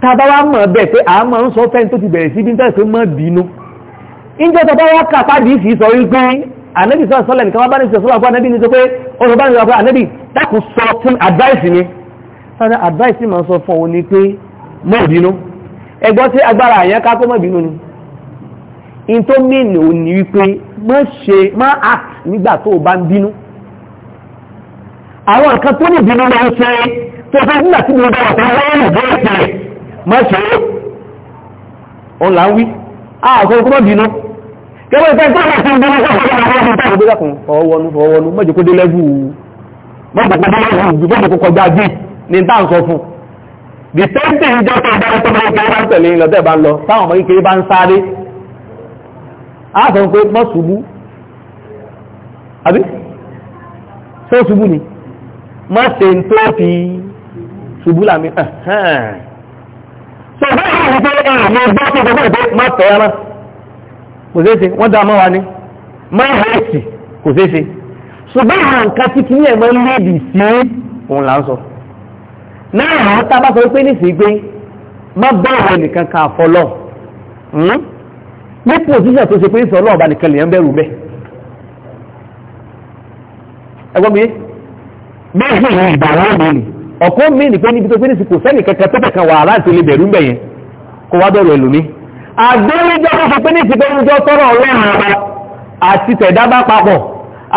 tàbá wá mọ̀ bẹ̀ pé a máa ń sọ fẹ́ tó ti bẹ̀rẹ̀ sí bí tẹ́ẹ̀ pé mọ́ bínú ìjọ tàbá wá kàpá dì í sì sọ wípé ànẹ́bì sọ sọ́lẹ̀ nìkan wá bá ní sọ sọ́lẹ̀ fún ànẹ́bì ní sọ pé ọ̀rọ̀ bá ní sọ pé advice mi sọ́nà advice máa sọ fún òun ni pé mọ́ bínú ẹgbọ́n tí agbára àyàn ká kó mọ́ bínú ni in tó mìíní ò ní o bá ń bínú àwọn nǹkan tó ní bínú máa ń ṣe tó fẹ́ nígbà mo bá wà tó wọ́n rẹ̀ bẹ́ẹ̀ mọ́ṣẹ́ òun là ń wí àkókò kó mọ́ bínú kẹwọ́n ìfẹ́ ìfẹ́ ìfẹ́ ìfẹ́ ìfẹ́ ìfẹ́ ìfẹ́ ìfẹ́ ọwọ́nu ọwọ́nu mọ́jọ kó dé lẹ́bù mọ́jọ kó kọjá bí ní tá à ń sọ fún the same thing jọ tó bá tó bá tó bá tẹ̀lé lọ tẹ́ bá ń lọ táwọn ọmọ kékeré bá ń sáré a sọ pé mọ́ ṣubú àbí sọ ṣubú ni mọ́ ṣe ń tó fi ṣubú làmì ẹ̀hẹ́n sọ̀rọ̀ yìí wípé àmì ọgbà tó gbogbo ìgbé má fẹ́ ara kò ṣeé ṣe wọ́n dá mọ́ wa ní má hẹ́ẹ̀sì kò ṣeé ṣe ṣùgbọ́n àwọn nǹkan tí kìíní ẹ̀ máa ń léèdì sí òun là ń sọ náà àwọn tá a bá sọ pé nísìnyí pé má bá àwọn nìkan kan àfọlọ́ hmm? ní pòsíṣà tó ṣe pé ìsọ̀ ọlọ́ọ̀bá nìkan lèèyàn bẹ̀rù bẹ́ẹ̀ ẹgbọ́n mi bẹ́ẹ̀ sì ọ̀kọ́ mi nìkan níbi tó pé nísìkò sẹ́nì kẹ̀kẹ́ tó kẹ̀kẹ́ wà láti lè bẹ̀rù mbẹ̀yẹn kó wá bẹ̀rù ẹlòmí. àgbéléjọ́ tó fi pé nísìkò oúnjẹ tọ́rọ̀ ọlọ́run ara àti tẹ̀dá bá papọ̀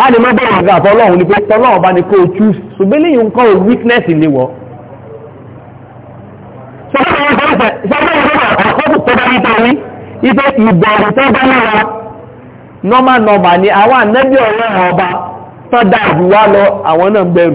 a lè má bẹ̀rù ọ̀gá àtọ́ ọlọ́run pé tọ́lọ́run bá ní kó o tú ṣùgbọ́n lẹ́yìn nǹkan ò weakness ni wọ́. normal normal ni àwọn ànábì ọlọ́run ọba tọ́ da àdúrà lọ àwọn náà bẹ̀rù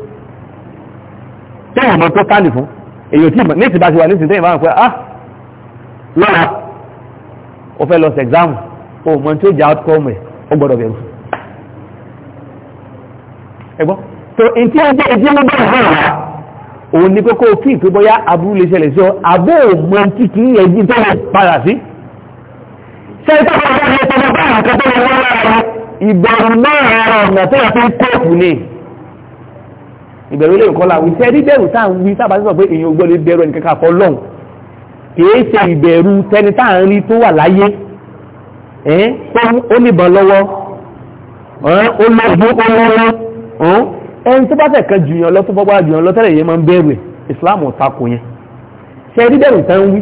tẹ́wọ̀n mọ́ tó sáàlì fún èyí tí ní ti bá ti wà ní ìsìntẹ́yìn báwọn pẹ́ ah lọ́la o fẹ́ lọ sí exam o mọ́ tí ó jẹ́ outcome ẹ̀ ó gbọ́dọ̀ bẹ̀rù ẹgbọ́n tó in tí ó jẹ́ ẹjí ló bẹ̀rẹ̀ hàn wá òun ni pé kó o fi ìpé bóyá aburú lè ṣẹlẹ̀ sí ọ abó ò mọ́ tí kì í yẹ jí tó padà sí ṣe tó fọ́n bá yẹ bá bá àkọ́tọ́ ìbẹ̀rù náà ọ̀nà tó yẹ fún kóòpù ni ìbẹ̀rù ilé ìkọlà wí sẹ́ẹ̀dí bẹ̀rù tá à ń wí sábà sọ pé èèyàn ò gbọ́dọ̀ bẹ̀rù ẹnì kankan fọlọ́hùn kìí ṣe ìbẹ̀rù tẹni tá à ń rí tó wà láyé ó níbọn lọ́wọ́ ó lọ́gbọ́n ó lọ́wọ́ ẹni tó bá fẹ́ kan jùyàn lọ tó fọ́gbára jùyàn lọ tẹ́lẹ̀ yẹn máa ń bẹ̀rù ẹ̀ ìsìláàmù tako yẹn ṣẹ́ẹ̀dí bẹ̀rù tá ń wí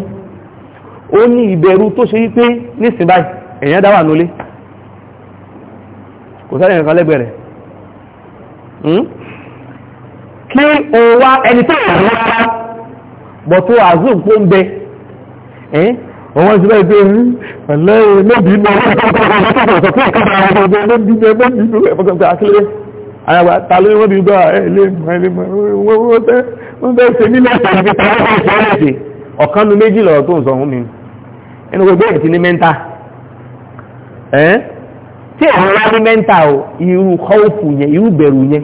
ó ní ìbẹ̀rù tó ṣe wípé nísìn báyìí èèyàn dá wà nólé kò sáré nǹkan lẹ́gbẹ̀ẹ́ rẹ̀ hmm? kí o wá ẹni tó wà rárá bọ̀ tó àzú pó ń bẹ ọwọ́n sí báyìí pé ọlọ́run hmm, lóbi inú ọwọ́ ìpàtàkì ọ̀sọ̀tún ọ̀kadà ọ̀gbọ̀n lóbi inú ẹgbẹ́ inú ẹ̀fọ́gbọ̀n akílẹ̀ àyàwó ta ló wọ́n bí gbọ́ ẹ̀lẹ́ ẹ̀lẹ́mọ̀ wọ́n bẹ́ẹ̀ ṣe nílẹ̀ ìpàtàkì ọ̀sọ̀tún ọ̀kan nu méjì lọ̀rọ̀ tó ń sọ fún mi ẹnu gbogbo ẹ̀ ti ní mẹ́ńtà tí àwọn wá ní mẹ́ńtà irú kọ́ọ̀fù yẹn irú bẹ̀rù yẹn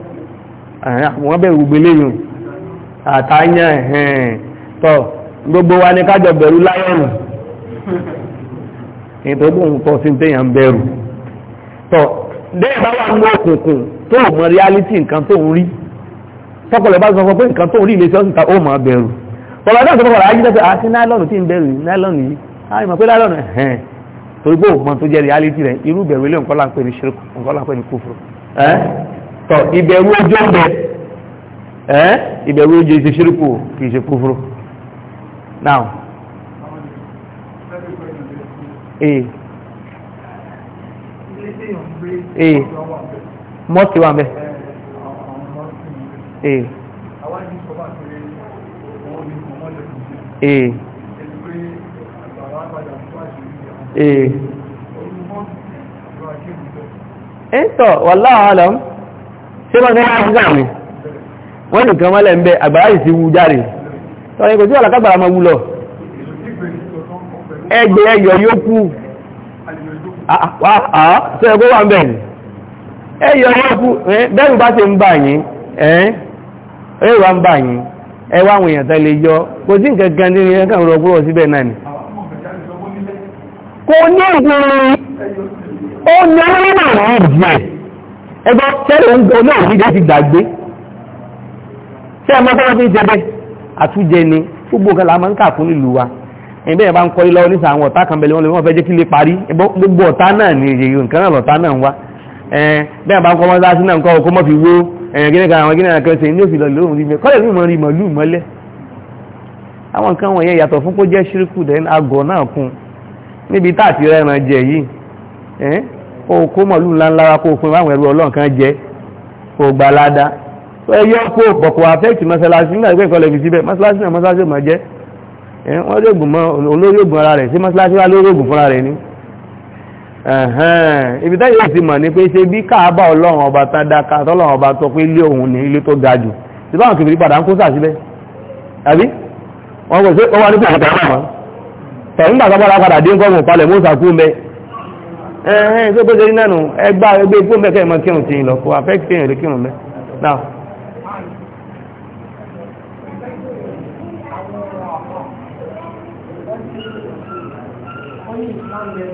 wọ́n bẹ̀rù gbẹ̀lẹ́yìn àtàyàn ẹ̀hẹ̀n tọ́ gbogbo wa ní kájọ bẹ̀rù láyọ̀nù ìtọ́gbọ̀n tọ́ sí tẹ́yàn bẹ̀rù tọ́ dẹ́ẹ̀bá wà ní òkùnkùn tó mọ̀ reality nǹkan tó ń rí tọ́pọ̀lọ̀ bá sọ pé nǹkan tó ń rí ilé sọ́sì ta ó máa bẹ̀rù tọ́lọ̀ náà tọ́pọ̀lọ̀ ayé ah, tẹ́sẹ̀ àti nylon tí ń bẹ̀rù nylon yìí àì ah, mọ̀ pé nylon ẹ̀hẹ̀n torí pé òun tó jẹ́ reality rẹ̀ irú bẹ̀rù ilé nǹkan láǹpẹ̀ ní ṣe nǹkan láǹpẹ̀ tọ ìbẹ̀rù ojú ọ̀bẹ ẹ ìbẹ̀rù ojú ìṣe ṣírìkù kì í ṣe kúfúrú now ee ee mọ́ọ̀tì wà mẹ́ ee ee ee ẹ̀ ń tọ̀ wàláhàlám ṣé wọ́n fẹ́ láti gbà mí wọ́n nìkan mọ́lẹ̀ ń bẹ àgbàrá yìí ti wú jáde sọ̀rọ̀ kò sí ọ̀la kágbàrá máa wú lọ ẹgbẹ́ ẹyọ yóò kú ṣe ẹgbẹ́ wà ń bẹ̀ ni ẹyọ yóò kú bẹ́rù bá ṣe ń bà yín ní ẹ̀kàn rọ̀ púrọ̀ síbẹ̀ náà ni kò ní ẹgbọ́ tẹ́lẹ̀ ń gbọ́ náà nígbà ti gbàgbé tẹ́ ẹ máa fẹ́ fi jẹ bẹ́ẹ̀ àtújẹ ni gbogbo kan là máa ń kà fún nílùú wa ẹ̀bẹ́ yẹn bá ń kọ́ ilọ́ nísà àwọn ọ̀tá kan bẹ̀lẹ̀ wọn lè wọ́n fẹ́ jẹ́ kí lè parí gbogbo ọ̀tá náà ni èyí nǹkan náà lọ̀tá náà ń wá bẹ́ẹ̀ yẹn bá ń kọ́ mọ́tá sí náà ń kọ́ ọkọ́ mọ́ fi wó gíní kan àwọn gíní kan ṣe ní òsì lọ lóhùn rí mi kọ́lẹ̀ mi mọ̀ rí mọ̀ lù mọ́lẹ̀ àwọn nǹkan wọ̀nyẹn yàtọ̀ fún kó jẹ́ ṣírkù dẹ́n agọ̀ o mọ̀lú ńláńlá wa kó fún àwọn ẹrú ọlọ́run kan jẹ́ ògbà ládá kó pọ̀pọ̀ affect mọ́sálásí nígbà ìgbẹ́ ìkọlẹ̀ ìfisí bẹ́ náà mọ́sálásí mọ́ jẹ́ ara rẹ̀ sí mọ́sálásí wá fúnra rẹ̀ mọ̀ ní pé ṣe bí káàbà ọlọ́run ọba tán dáka tọ́lọ́run ọba pé ilé òun ní ga jù kìbìrì padà ń kó sà ẹ̀hẹ́n tó bó ṣe rí náà nù ẹgbà ẹgbẹ́ fún mẹ́kẹ́ ìmọ̀ kírun ti lọ kò affect èèyàn o kírun mẹ́ náà